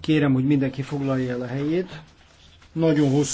Kérem, hogy mindenki foglalja el a helyét. Nagyon hosszú